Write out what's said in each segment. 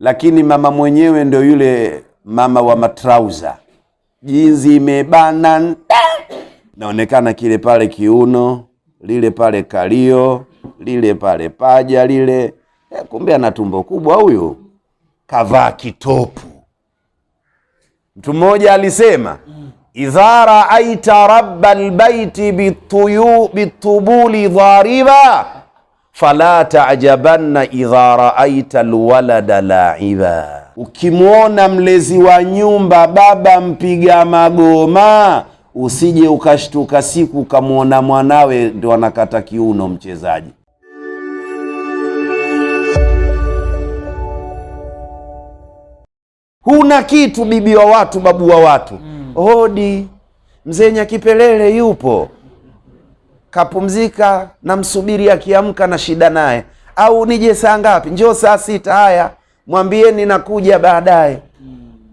lakini mama mwenyewe ndio yule mama wa matrauza, jinzi imebana naonekana kile pale kiuno lile pale kalio lile pale paja lile e, kumbe ana tumbo kubwa huyu, kavaa kitopu. Mtu mmoja alisema idha raaita raba lbaiti bitubuli dhariba fala tajabanna idha raaita alwalada laiba, ukimwona mlezi wa nyumba baba mpiga magoma usije ukashtuka siku ukamwona mwanawe ndo anakata kiuno mchezaji. Huna kitu, bibi wa watu, babu wa watu. Mm. Hodi mzee Nyakipelele yupo kapumzika, namsubiri akiamka na shida naye, au nije saa ngapi? Njoo saa sita. Haya, mwambieni nakuja baadaye.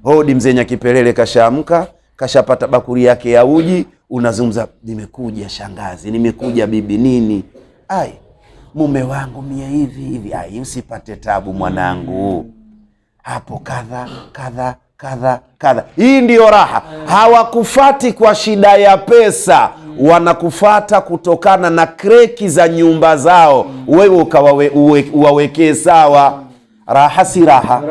Hodi, mzee Nyakipelele kashaamka, kashapata bakuli yake ya uji. Unazungumza, nimekuja shangazi, nimekuja bibi, nini? Ai, mume wangu mie hivi hivi. Ai, usipate tabu mwanangu, hapo kadha kadha kadha kadha. Hii ndiyo raha. Hawakufati kwa shida ya pesa wanakufata kutokana na kreki za nyumba zao, wewe ukawawekee sawa. Raha si raha.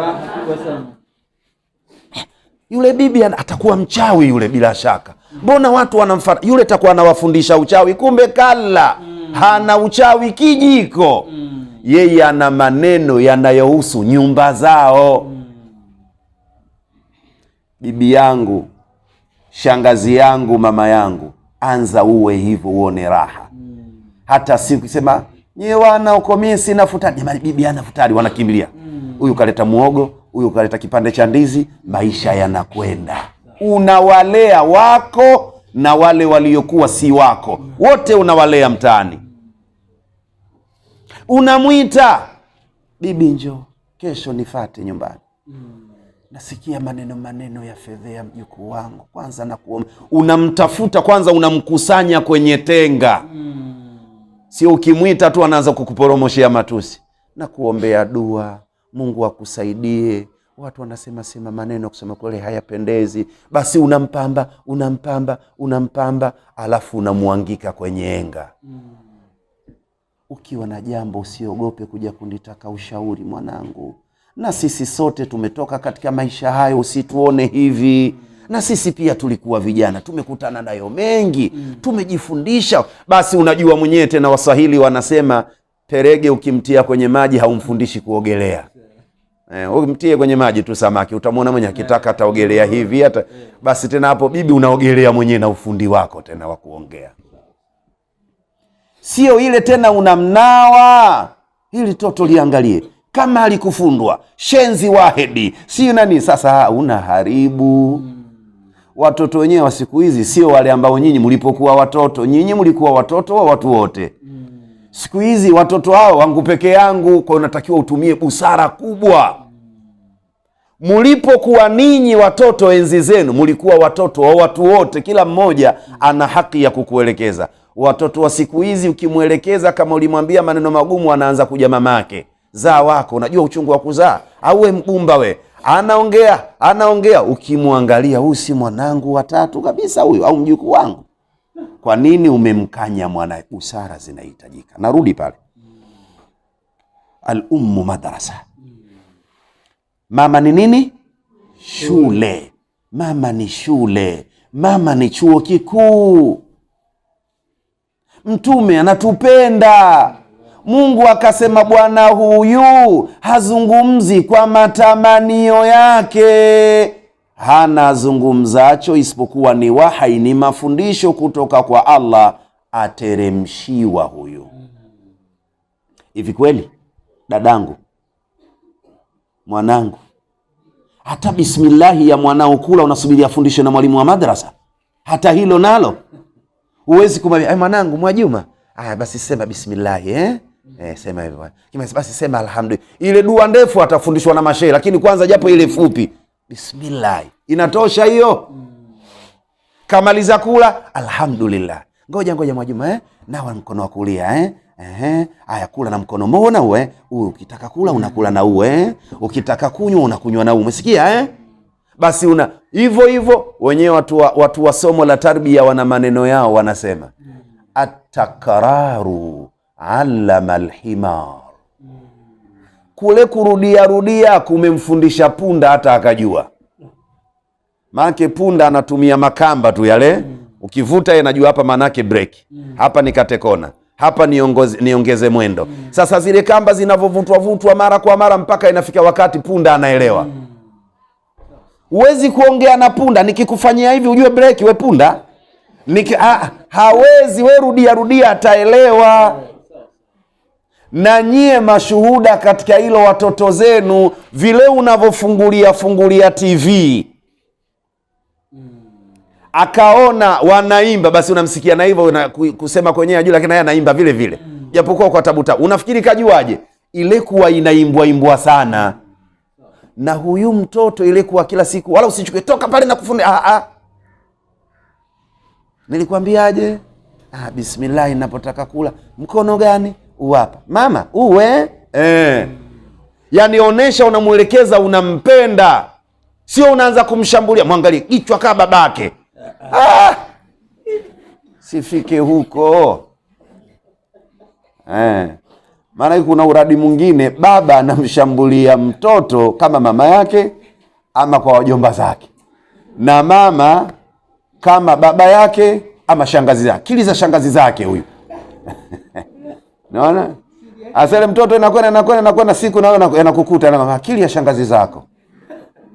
Yule bibi atakuwa mchawi yule, bila shaka. Mbona watu wanamfata yule? Takuwa anawafundisha uchawi, kumbe kala hana uchawi kijiko. Yeye ana maneno yanayohusu nyumba zao. Bibi yangu, shangazi yangu, mama yangu, anza uwe hivyo, uone raha hata si ukisema nyie wana uko, mimi sina futari, jamani, bibi ana futari, wanakimbilia huyu mm. kaleta muogo, huyu kaleta kipande cha ndizi, maisha yanakwenda. Unawalea wako na wale waliokuwa si wako wote, unawalea mtaani. Unamwita bibi, njo kesho nifate nyumbani nasikia maneno maneno ya fedhea mjukuu wangu, kwanza nakuomba. Unamtafuta kwanza, unamkusanya kwenye tenga, sio ukimwita tu anaanza kukuporomoshea matusi. Nakuombea dua, Mungu akusaidie. Watu wanasema sema maneno, kusema kweli hayapendezi. Basi unampamba unampamba unampamba, alafu unamwangika kwenye enga. Ukiwa na jambo usiogope kuja kunitaka ushauri, mwanangu na sisi sote tumetoka katika maisha hayo, usituone hivi na sisi pia tulikuwa vijana, tumekutana nayo mengi mm. Tumejifundisha basi, unajua mwenyewe tena. Waswahili wanasema perege ukimtia kwenye maji haumfundishi kuogelea. Eh, umtie kwenye maji tu samaki, utamwona mwenye akitaka ataogelea hivi hata basi. Tena hapo bibi, unaogelea mwenyewe na ufundi wako tena wa kuongea, sio ile tena unamnawa. Hili toto liangalie kama alikufundwa shenzi wahedi si nani sasa, una haribu Watoto wenyewe wa siku hizi sio wale ambao nyinyi mlipokuwa watoto. Nyinyi mlikuwa watoto wa watu wote Siku hizi watoto hao wangu peke yangu, kwa unatakiwa utumie busara kubwa. Mlipokuwa ninyi watoto enzi zenu, mlikuwa watoto wa watu wote, kila mmoja ana haki ya kukuelekeza. Watoto wa siku hizi ukimwelekeza, kama ulimwambia maneno magumu, anaanza kuja mamake zaa wako, unajua uchungu wa kuzaa au we mgumba we, anaongea anaongea, ukimwangalia huyu si mwanangu watatu kabisa huyu, au mjukuu wangu. Kwa nini umemkanya mwana Busara zinahitajika. Narudi pale, alummu madrasa, mama ni nini? Shule. Mama ni shule, mama ni chuo kikuu. Mtume anatupenda Mungu akasema, bwana huyu hazungumzi kwa matamanio yake, hana zungumzacho isipokuwa ni wahai, ni mafundisho kutoka kwa Allah ateremshiwa huyu. Hivi kweli, dadangu, mwanangu, hata bismillahi ya mwanao kula unasubiri afundishwe na mwalimu wa madrasa? Hata hilo nalo huwezi kumwambia mwanangu, Mwajuma, aya basi sema bismillahi eh? Eh, sema hivyo. Kima eh. basi sema alhamdulillah. Ile dua ndefu atafundishwa na mashehe, lakini kwanza japo ile fupi. Bismillah. Inatosha hiyo. Kamaliza kula, alhamdulillah. Ngoja ngoja Mwajuma eh? Nawa mkono wa kulia eh? Ehe, haya kula na mkono mmoja uwe. Eh? Huyu ukitaka kula unakula na uwe. Eh. Ukitaka kunywa unakunywa na uwe. Umesikia eh? Basi una hivyo hivyo wenyewe watu wa, watu wa somo la tarbia wana maneno yao wanasema. Atakararu allama alhimar, kule kurudia rudia kumemfundisha punda hata akajua. Maanake punda anatumia makamba tu yale, ukivuta yanajua hapa, maanake break hapa, nikatekona hapa niongoze, niongeze mwendo. Sasa zile kamba zinavyovutwa vutwa mara kwa mara mpaka inafika wakati punda anaelewa. Huwezi kuongea na punda, nikikufanyia hivi ujue breki, we punda Niki, ha, ah, hawezi we rudia rudia, ataelewa na nyie mashuhuda katika hilo, watoto zenu vile unavyofungulia fungulia TV akaona wanaimba, basi unamsikia na hivyo kusema kwenyewe ajui, lakini naye anaimba vile vile, japokuwa kwa tabu tabu. Unafikiri kajuaje? Ile kuwa inaimbwa imbwa sana na huyu mtoto, ile kuwa kila siku, wala usichukue toka pale na kufundi Ah, ah, nilikwambiaje? Ah, bismillah, ninapotaka kula mkono gani? hapa mama uwe e. Eh? Eh. Yani onesha unamwelekeza, unampenda, sio unaanza kumshambulia, mwangalie kichwa kaa babake. Ah, sifike huko e. Maana kuna uradi mwingine, baba anamshambulia mtoto kama mama yake ama kwa wajomba zake, na mama kama baba yake ama shangazi zake, kili za shangazi zake huyu Naona Asele mtoto inakwenda inakwenda inakwenda, siku nayo inakukuta na akili ya shangazi zako.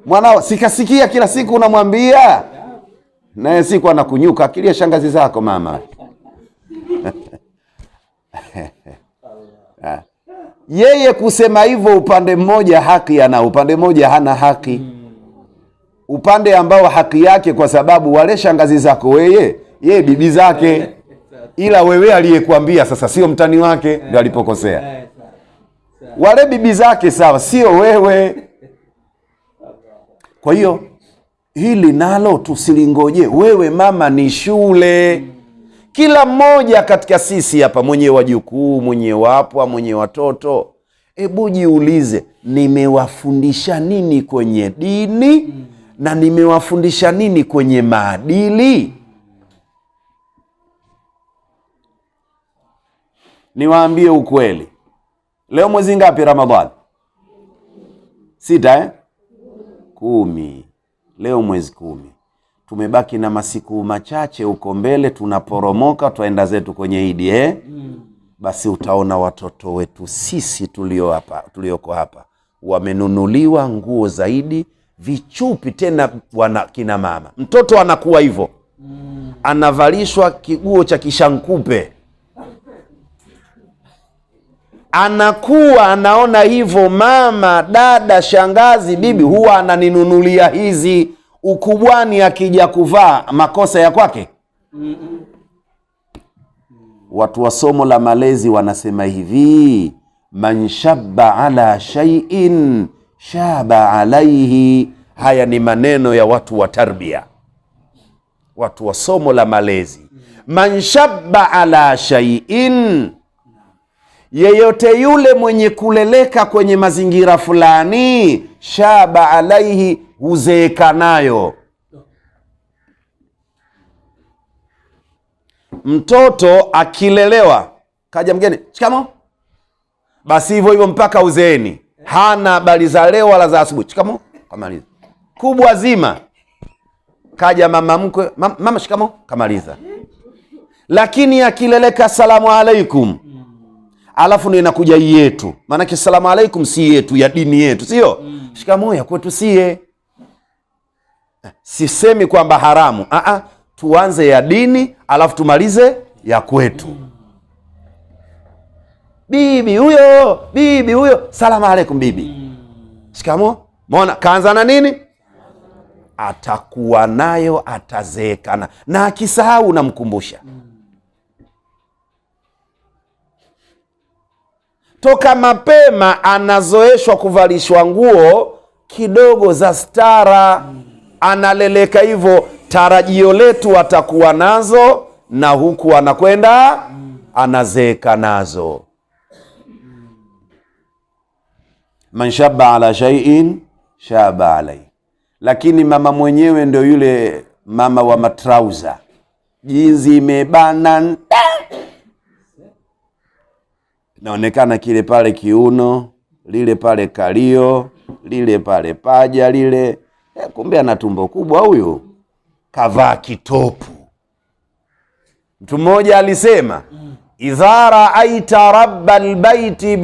Mwanao sikasikia kila siku unamwambia, naye siku anakunyuka akili ya shangazi zako mama. Ah. Yeye kusema hivyo, upande mmoja haki ana, upande mmoja hana haki. Upande ambao haki yake, kwa sababu wale shangazi zako weye yeye bibi zake ila wewe aliyekuambia sasa sio mtani wake ndio alipokosea. Eh, eh, Wale bibi zake sawa, sio wewe. Kwa hiyo hili nalo tusilingoje. Wewe mama, ni shule. Kila mmoja katika sisi hapa, mwenye wajukuu, mwenye wapwa, mwenye watoto, hebu jiulize, nimewafundisha nini kwenye dini hmm. na nimewafundisha nini kwenye maadili? niwaambie ukweli. Leo mwezi ngapi Ramadhani? Sita eh? Kumi. Leo mwezi kumi, tumebaki na masiku machache huko mbele, tunaporomoka twaenda zetu kwenye Idi eh? Basi utaona watoto wetu sisi tulioko hapa, tulioko hapa wamenunuliwa nguo zaidi, vichupi tena wana, kina mama, mtoto anakuwa hivyo mm. anavalishwa kiguo cha kishankupe anakuwa anaona hivyo, mama, dada, shangazi, bibi huwa ananinunulia hizi. Ukubwani akija kuvaa makosa ya kwake. Watu wa somo la malezi wanasema hivi, man shabba ala shay'in shaba alaihi. Haya ni maneno ya watu wa tarbia, watu wa somo la malezi. Man shabba ala shay'in yeyote yule mwenye kuleleka kwenye mazingira fulani, shaba alaihi, huzeeka nayo. Mtoto akilelewa kaja mgeni chikamo basi hivyo hivyo mpaka uzeeni, hana habari za leo wala za asubuhi. chikamo kamaliza, kubwa zima kaja mama mkwe, mama shikamo kamaliza. Lakini akileleka salamu alaikum alafu ndio inakuja yetu, maanake salamu alaikum si yetu ya dini yetu, sio mm. shikamoo ya kwetu sie. Eh, sisemi kwamba haramu a ah, ah, tuanze ya dini alafu tumalize ya kwetu mm. Bibi huyo bibi huyo, salamu alaikum bibi mm. shikamoo. Maona kaanza na nini, atakuwa nayo atazeekana na akisahau, namkumbusha mm. toka mapema anazoeshwa kuvalishwa nguo kidogo za stara, analeleka hivyo. Tarajio letu atakuwa nazo, na huku anakwenda anazeeka nazo. man shaba ala shaiin shaba alai. Lakini mama mwenyewe ndio yule mama wa matrauza, jinzi imebana naonekana kile pale kiuno lile pale kalio lile pale paja lile e, kumbe ana tumbo kubwa huyu, kavaa kitopu. Mtu mmoja alisema idha raaita rabba lbaiti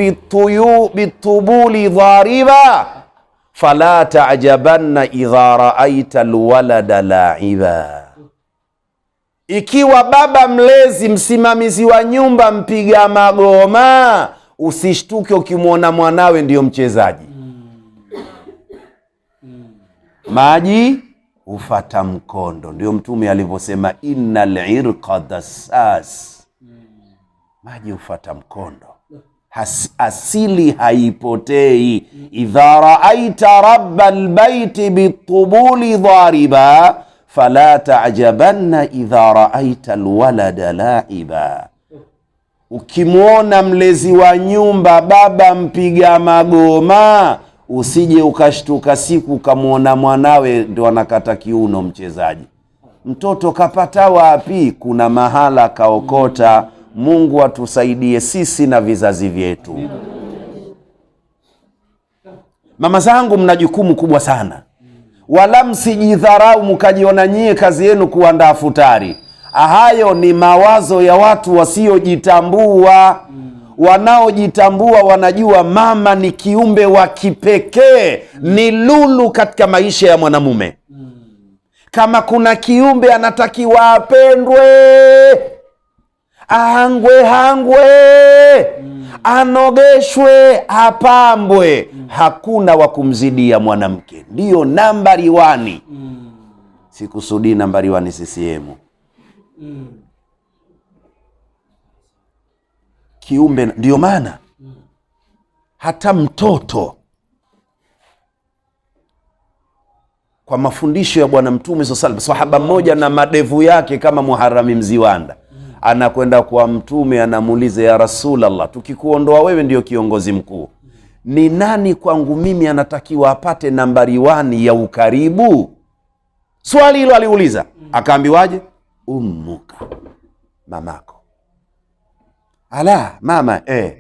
bitubuli dhariba fala tajabanna idha raaita lwalada laiba ikiwa baba mlezi, msimamizi wa nyumba, mpiga magoma, usishtuke ukimwona mwanawe ndiyo mchezaji. Maji hufata mkondo, ndio Mtume alivyosema, innal lirqa dassas, maji hufata mkondo. Has, asili haipotei. Idha raaita rabba lbaiti bitubuli dhariba fala tajabanna idha raaita lwalada laiba, ukimwona mlezi wa nyumba baba mpiga magoma usije ukashtuka siku ukamwona mwanawe ndo anakata kiuno mchezaji. Mtoto kapata wapi? Kuna mahala kaokota. Mungu atusaidie sisi na vizazi vyetu. Mama zangu, mna jukumu kubwa sana wala msijidharau mkajiona nyie kazi yenu kuandaa futari. Hayo ni mawazo ya watu wasiojitambua. Mm. Wanaojitambua wanajua mama ni kiumbe wa kipekee, mm. ni lulu katika maisha ya mwanamume. Mm. Kama kuna kiumbe anatakiwa apendwe, ahangwe hangwe mm. anogeshwe apambwe mm. hakuna wa kumzidia mwanamke, ndiyo nambari wani mm. sikusudii nambari wani sisihemu mm. kiumbe, ndiyo maana hata mtoto kwa mafundisho ya Bwana Mtume swalla sahaba mmoja na madevu yake kama Muharami Mziwanda anakwenda kwa Mtume anamuuliza ya Rasulallah, tukikuondoa wewe ndio kiongozi mkuu, ni nani kwangu mimi anatakiwa apate nambari wani ya ukaribu? Swali hilo aliuliza, akaambiwaje? Ummuka, mamako. Ala, mama eh.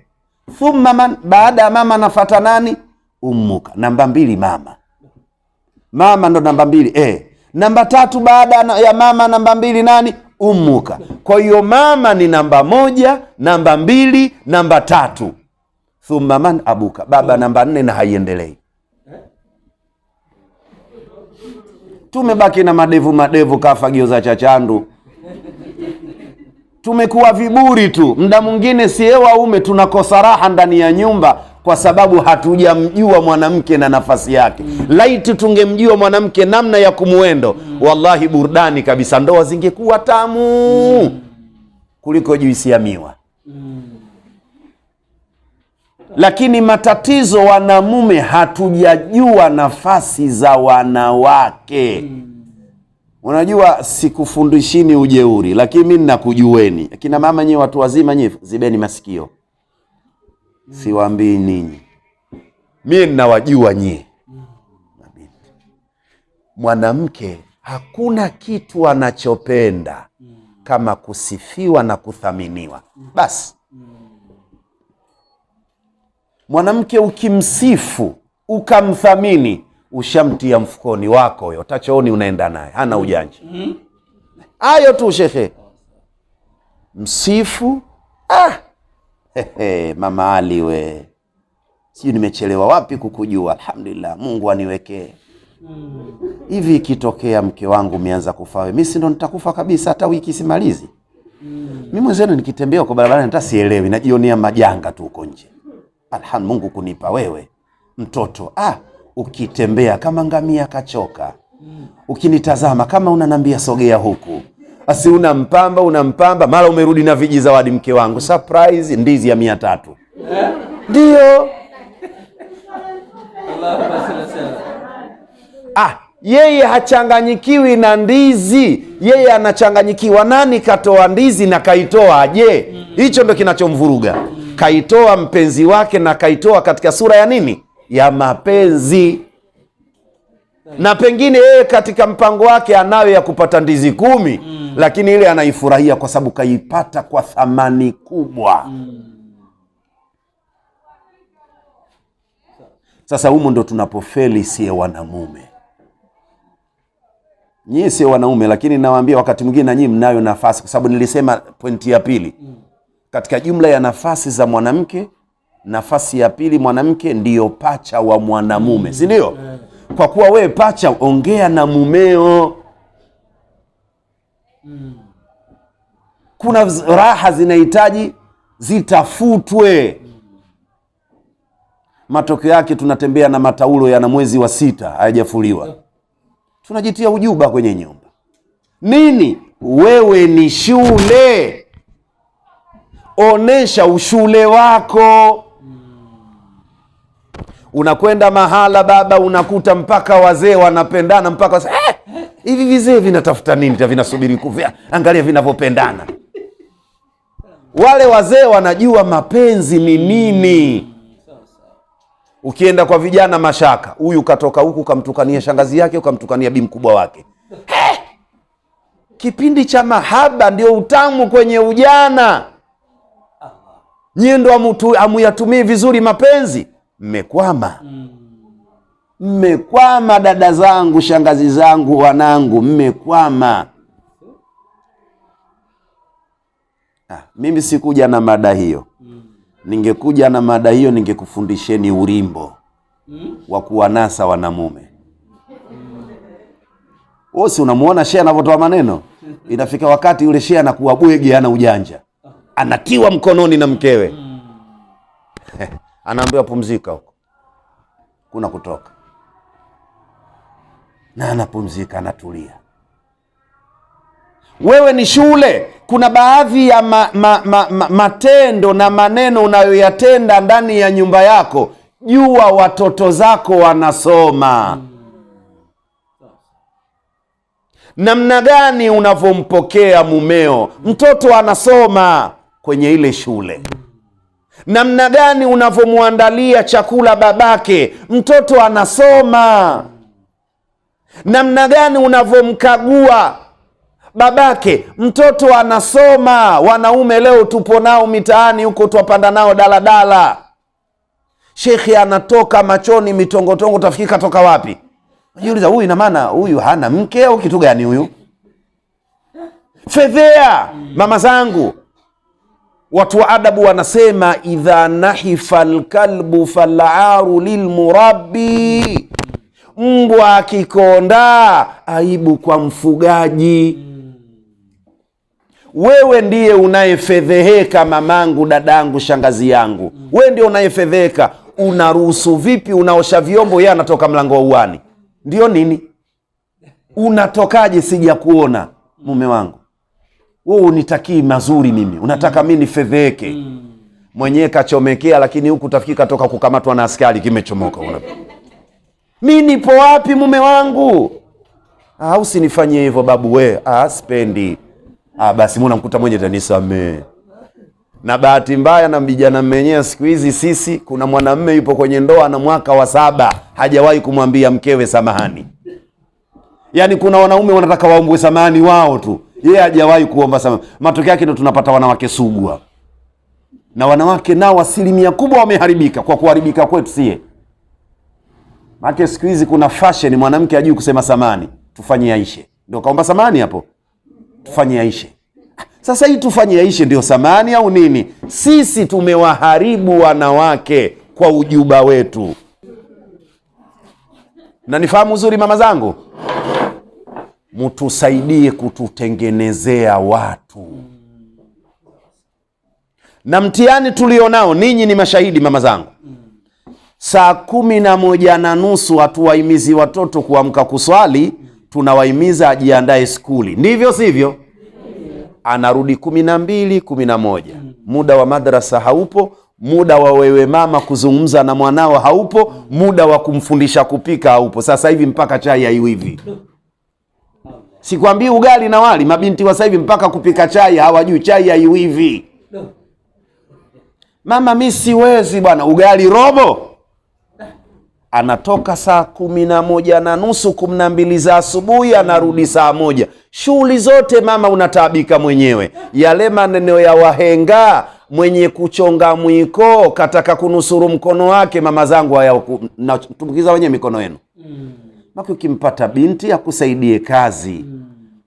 Thumma man, baada ya mama nafata nani? Ummuka, namba mbili, mama. Mama ndo namba mbili eh. Namba tatu baada ya mama, namba mbili nani? umuka Kwa hiyo mama ni namba moja, namba mbili, namba tatu, thumma man abuka, baba namba nne, na haiendelei. Tumebaki na madevu madevu, kafagio za chachandu tumekuwa viburi tu. Mda mwingine siewa ume tunakosa raha ndani ya nyumba, kwa sababu hatujamjua mwanamke na nafasi yake. Laiti tungemjua mwanamke namna ya kumwendo, wallahi burdani kabisa, ndoa zingekuwa tamu kuliko juisi ya miwa. Lakini matatizo, wanamume hatujajua nafasi za wanawake. Unajua, sikufundishini ujeuri, lakini mi ninakujueni. Akina mama nyie watu wazima nyie zibeni masikio siwaambii ninyi, mi ninawajua nyie. Mabinti, mwanamke hakuna kitu anachopenda kama kusifiwa na kuthaminiwa. Basi mwanamke ukimsifu ukamthamini, ushamtia mfukoni wako, huyo tachooni unaenda naye, hana ujanja. Mm-hmm. Hayo tu shehe msifu ah. Hehe, mama Ali we, sijui nimechelewa wapi kukujua. Alhamdulillah, Mungu aniwekee hivi. Ikitokea mke wangu umeanza kufa, mimi si ndo nitakufa kabisa, hata wiki simalizi mimi. Mwenzenu nikitembea kwa barabara hata sielewi, najionea majanga tu huko nje. Alhamdulillah, Mungu kunipa wewe mtoto. Ah, ukitembea kama ngamia kachoka, ukinitazama kama unanambia sogea huku asi unampamba unampamba, mara umerudi na viji zawadi, mke wangu surprise, ndizi ya mia tatu ndiyo ah, yeye hachanganyikiwi na ndizi, yeye anachanganyikiwa nani katoa ndizi na kaitoa je? Hicho ndo kinachomvuruga. Kaitoa mpenzi wake na kaitoa katika sura ya nini? Ya mapenzi na pengine yeye katika mpango wake anayo ya kupata ndizi kumi mm. lakini ile anaifurahia kwa sababu kaipata kwa thamani kubwa mm. Sasa humo ndo tunapofeli siye wanamume, nyie siye wanaume, lakini nawaambia wakati mwingine na nyie mnayo nafasi, kwa sababu nilisema pointi ya pili mm. katika jumla ya nafasi za mwanamke, nafasi ya pili mwanamke ndiyo pacha wa mwanamume, si ndio? yeah mm kwa kuwa wewe pacha, ongea na mumeo Kuna raha zinahitaji zitafutwe. Matokeo yake tunatembea na mataulo yana mwezi wa sita hayajafuliwa, tunajitia ujuba kwenye nyumba nini. Wewe ni shule, onesha ushule wako. Unakwenda mahala baba, unakuta mpaka wazee wanapendana mpaka wase, eh, hivi vizee vinatafuta nini? Vinasubiri kuvya, angalia vinavyopendana. Wale wazee wanajua mapenzi ni nini. Ukienda kwa vijana, mashaka, huyu katoka huku kamtukania shangazi yake, ukamtukania bi mkubwa wake. Eh, kipindi cha mahaba ndio utamu kwenye ujana, nyie ndo amuyatumii vizuri mapenzi mmekwama, mm. mmekwama Dada zangu, shangazi zangu, wanangu, mmekwama. Ah, mimi sikuja na mada hiyo mm. Ningekuja na mada hiyo ningekufundisheni urimbo mm. wa kuwanasa wanamume wosi unamuona Shea anavyotoa maneno, inafika wakati yule Shea anakuwa bwege, ana ujanja, anatiwa mkononi na mkewe anaambiwa pumzika huko, kuna kutoka, na anapumzika, anatulia. Wewe ni shule. Kuna baadhi ya ma, ma, ma, ma, matendo na maneno unayoyatenda ndani ya nyumba yako, jua watoto zako wanasoma namna gani unavyompokea mumeo. Mtoto anasoma kwenye ile shule namna gani unavyomwandalia chakula babake. Mtoto anasoma, namna gani unavyomkagua babake. Mtoto anasoma. Wanaume leo tupo nao mitaani huko, twapanda nao daladala, shekhe anatoka machoni mitongotongo, tafikiri katoka wapi? Najiuliza, huyu ina maana huyu hana mke au kitu gani huyu? Fedhea mama zangu Watu wa adabu wanasema idha nahifa lkalbu falaru lilmurabi mbwa akikonda aibu kwa mfugaji. Wewe ndiye unayefedheheka, mamangu, dadangu, shangazi yangu, wewe ndio unayefedheheka. Unaruhusu vipi? Unaosha vyombo, yeye anatoka mlango wa uani, ndio nini? Unatokaje? Sija kuona mume wangu wewe unitakii mazuri mimi, unataka mm. mi nifedheke mm. mwenyewe kachomekea, lakini huku tafiki katoka kukamatwa na askari kimechomoka. Mi nipo wapi mume wangu? Ah, usinifanyie hivyo babu we. Ah, spendi. Ah, basi mimi mwenye tanisamee. Na bahati mbaya na vijana mwenyewe siku hizi sisi, kuna mwanamme yupo kwenye ndoa na mwaka wa saba hajawahi kumwambia mkewe samahani. Yaani kuna wanaume wanataka waombwe samahani wao tu yeye hajawahi kuomba samaki. Matokeo yake ndo tunapata wanawake sugu na wanawake nao asilimia kubwa wameharibika kwa kuharibika kwetu sie. make siku hizi kuna fashion, mwanamke ajui kusema samani, tufanye aishe, ndio kaomba samani hapo, tufanye aishe. Sasa hii tufanye aishe ndio samani au nini? Sisi tumewaharibu wanawake kwa ujuba wetu, na nifahamu uzuri mama zangu mutusaidie kututengenezea watu. Na mtihani tulionao, ninyi ni mashahidi, mama zangu. Saa kumi na moja na nusu hatuwahimizi watoto kuamka kuswali, tunawahimiza ajiandae skuli, ndivyo sivyo? Anarudi kumi na mbili kumi na moja muda wa madrasa haupo, muda wa wewe mama kuzungumza na mwanao haupo, muda wa kumfundisha kupika haupo. Sasa hivi mpaka chai haiwivi Sikwambii ugali na wali. Mabinti wa sasa hivi mpaka kupika chai hawajui, chai haiwivi. Mama, mi siwezi bwana, ugali robo. Anatoka saa kumi na moja na nusu kumi na mbili za asubuhi, anarudi saa moja. Shughuli zote mama unataabika mwenyewe. Yale maneno ya wahenga, mwenye kuchonga mwiko kataka kunusuru mkono wake, mama zangu, haya natumbukiza wenyewe mikono yenu mm maki ukimpata binti akusaidie kazi.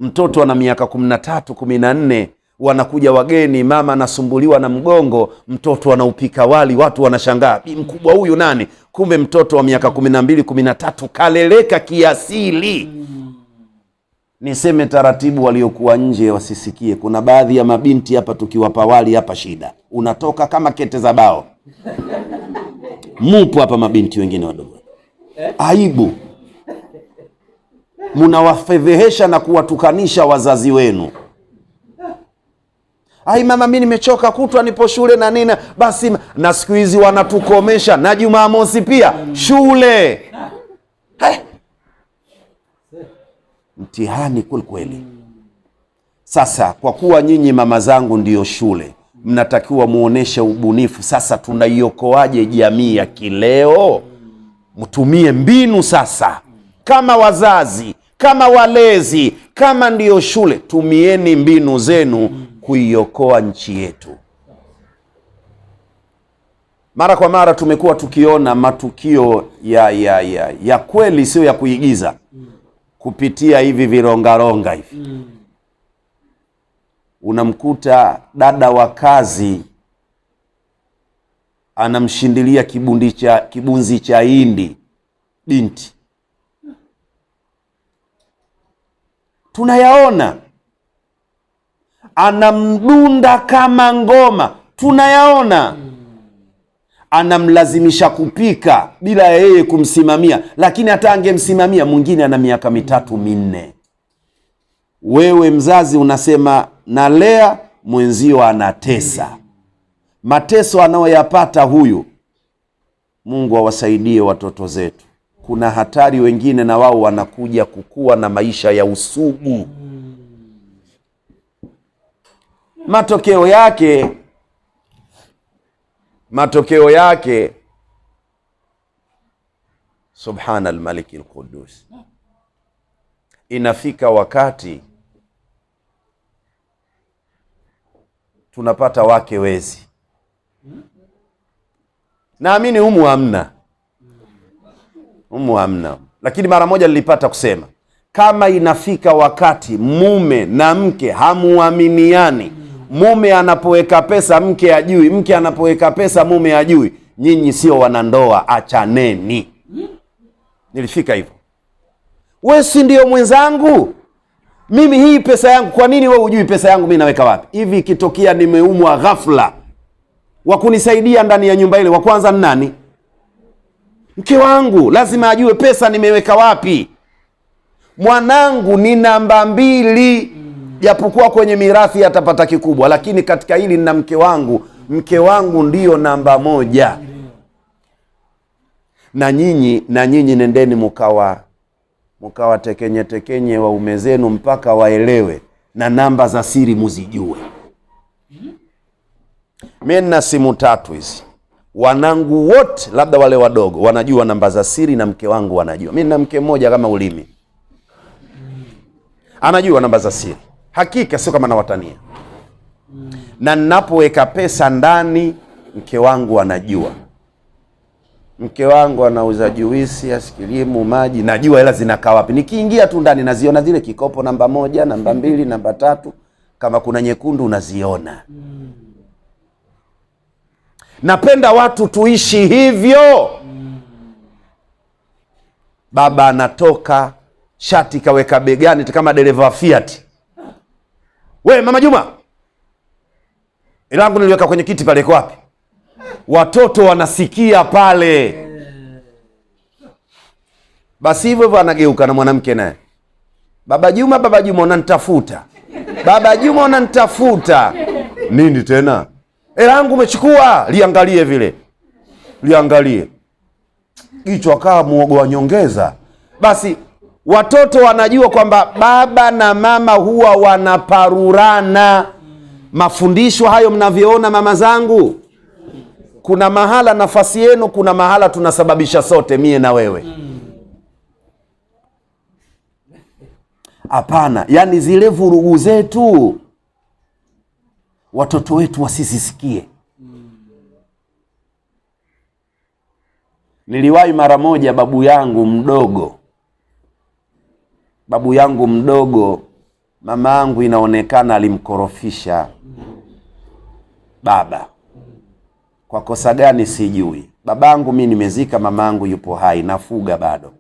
Mtoto ana miaka kumi na tatu kumi na nne wanakuja wageni, mama anasumbuliwa na mgongo, mtoto anaupika wali, watu wanashangaa mkubwa huyu nani? Kumbe mtoto wa miaka kumi na mbili kumi na tatu kaleleka kiasili. Niseme taratibu, waliokuwa nje wasisikie. Kuna baadhi ya mabinti hapa tukiwapa wali hapa shida, unatoka kama kete za bao. Mupo hapa mabinti wengine wadogo, eh? aibu mnawafedhehesha na kuwatukanisha wazazi wenu. Ai, mama mi nimechoka, kutwa nipo shule na nina basi, na siku hizi wanatukomesha na Jumamosi pia shule. Eh. mtihani kwelikweli. Sasa kwa kuwa nyinyi mama zangu ndiyo shule, mnatakiwa muoneshe ubunifu. Sasa tunaiokoaje jamii ya kileo? Mtumie mbinu sasa, kama wazazi kama walezi, kama ndiyo shule, tumieni mbinu zenu kuiokoa nchi yetu. Mara kwa mara tumekuwa tukiona matukio ya ya ya, ya kweli, sio ya kuigiza kupitia hivi virongaronga hivi. Unamkuta dada wa kazi anamshindilia kibundi cha kibunzi cha hindi binti tunayaona, anamdunda kama ngoma, tunayaona, anamlazimisha kupika bila yeye kumsimamia. Lakini hata angemsimamia, mwingine ana miaka mitatu minne. Wewe mzazi unasema nalea, mwenzio anatesa. Mateso anayoyapata huyu, Mungu awasaidie watoto zetu kuna hatari wengine na wao wanakuja kukua na maisha ya usugu. Matokeo yake matokeo yake subhana almaliki alqudus, inafika wakati tunapata wake wezi. Naamini humu hamna umu hamna. Lakini mara moja nilipata kusema kama inafika wakati mume na mke hamuaminiani, mume anapoweka pesa mke ajui, mke anapoweka pesa mume ajui, nyinyi sio wanandoa, achaneni. Nilifika hivyo, we si ndio mwenzangu mimi, hii pesa yangu. Kwa nini we hujui pesa yangu mi naweka wapi? Hivi ikitokea nimeumwa ghafla, wakunisaidia ndani ya nyumba ile wa kwanza ni nani? mke wangu lazima ajue pesa nimeweka wapi, mwanangu ni namba mbili, japokuwa kwenye mirathi atapata kikubwa, lakini katika hili nina mke wangu, mke wangu ndiyo namba moja. Na nyinyi na nyinyi nendeni mukawa mukawa tekenye tekenye waume zenu mpaka waelewe, na namba za siri muzijue. Mi nina simu tatu hizi wanangu wote, labda wale wadogo, wanajua namba za siri na mke wangu wanajua. Mimi na mke mmoja kama ulimi, anajua namba za siri hakika, sio kama nawatania. Na ninapoweka pesa ndani, mke wangu anajua. Mke wangu anauza juisi, asikilimu, maji, najua hela zinakaa wapi. Nikiingia tu ndani naziona zile kikopo, namba moja, namba mbili, namba tatu, kama kuna nyekundu unaziona Napenda watu tuishi hivyo. Baba anatoka shati kaweka begani kama dereva Fiat. We mama Juma, ilangu niliweka kwenye kiti pale, kwapi Watoto wanasikia pale, basi hivyo hivyo anageuka na mwanamke naye, baba Juma, baba Juma unanitafuta, baba Juma unanitafuta nini tena? hela yangu umechukua, liangalie vile, liangalie kichwa kaa mwogo wa nyongeza. Basi watoto wanajua kwamba baba na mama huwa wanaparurana. Mafundisho hayo mnavyoona, mama zangu, kuna mahala nafasi yenu, kuna mahala tunasababisha sote, mie na wewe. Hapana, yani zile vurugu zetu watoto wetu wasizisikie. Niliwahi mara moja, babu yangu mdogo, babu yangu mdogo, mama yangu inaonekana alimkorofisha baba. Kwa kosa gani sijui. Babangu mi nimezika, yangu yupo hai, nafuga bado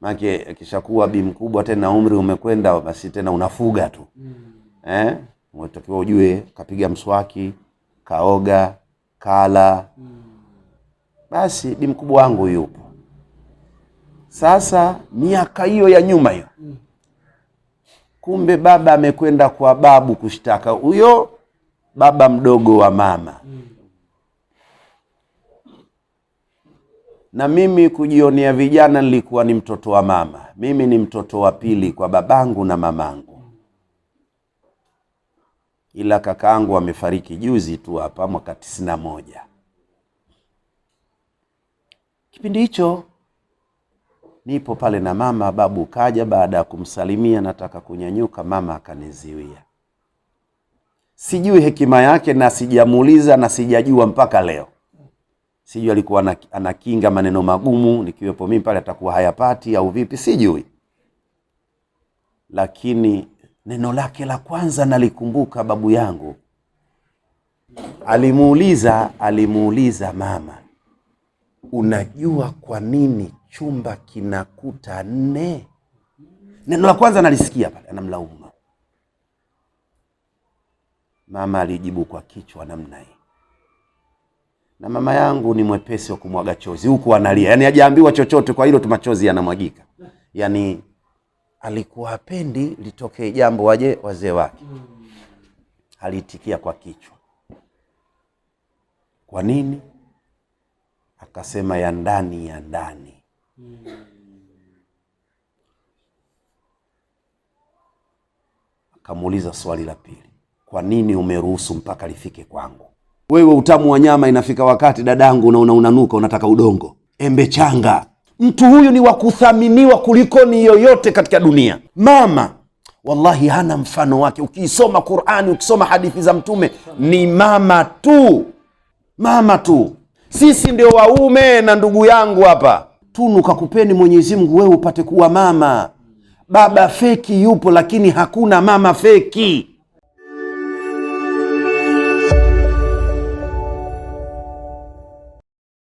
make akishakuwa bi mkubwa tena, umri umekwenda, basi tena unafuga tu eh? unatakiwa ujue kapiga mswaki, kaoga, kala. Basi bi mkubwa wangu yupo. Sasa miaka hiyo ya nyuma hiyo, kumbe baba amekwenda kwa babu kushtaka, huyo baba mdogo wa mama na mimi kujionea vijana, nilikuwa ni mtoto wa mama. Mimi ni mtoto wa pili kwa babangu na mamangu ila kakaangu amefariki juzi tu hapa mwaka tisini na moja. Kipindi hicho nipo pale na mama. Babu kaja, baada ya kumsalimia nataka kunyanyuka, mama akaniziwia. Sijui hekima yake na sijamuuliza na sijajua mpaka leo, sijui alikuwa anakinga maneno magumu, nikiwepo mimi pale atakuwa hayapati au vipi, sijui lakini neno lake la kwanza nalikumbuka, babu yangu alimuuliza alimuuliza mama, unajua kwa nini chumba kinakuta nne? Neno la kwanza nalisikia pale, anamlaumu mama. Mama alijibu kwa kichwa namna hii, na mama yangu ni mwepesi wa kumwaga chozi, huku analia, yaani hajaambiwa chochote, kwa hilo tu machozi yanamwagika, yaani alikuwa hapendi litokee jambo waje wazee wake, hmm. aliitikia kwa kichwa. Kwa nini? Akasema ya ndani ya ndani. Hmm. Akamuuliza swali la pili, kwa nini umeruhusu mpaka lifike kwangu? Wewe utamu wa nyama inafika wakati dadangu, na unataka udongo, embe changa Mtu huyu ni wa kuthaminiwa kuliko ni yoyote katika dunia. Mama wallahi hana mfano wake. Ukiisoma Qurani, ukisoma hadithi za Mtume, ni mama tu, mama tu. Sisi ndio waume na ndugu yangu hapa, tunu kakupeni mwenyezimgu wewe upate kuwa mama. Baba feki yupo, lakini hakuna mama feki.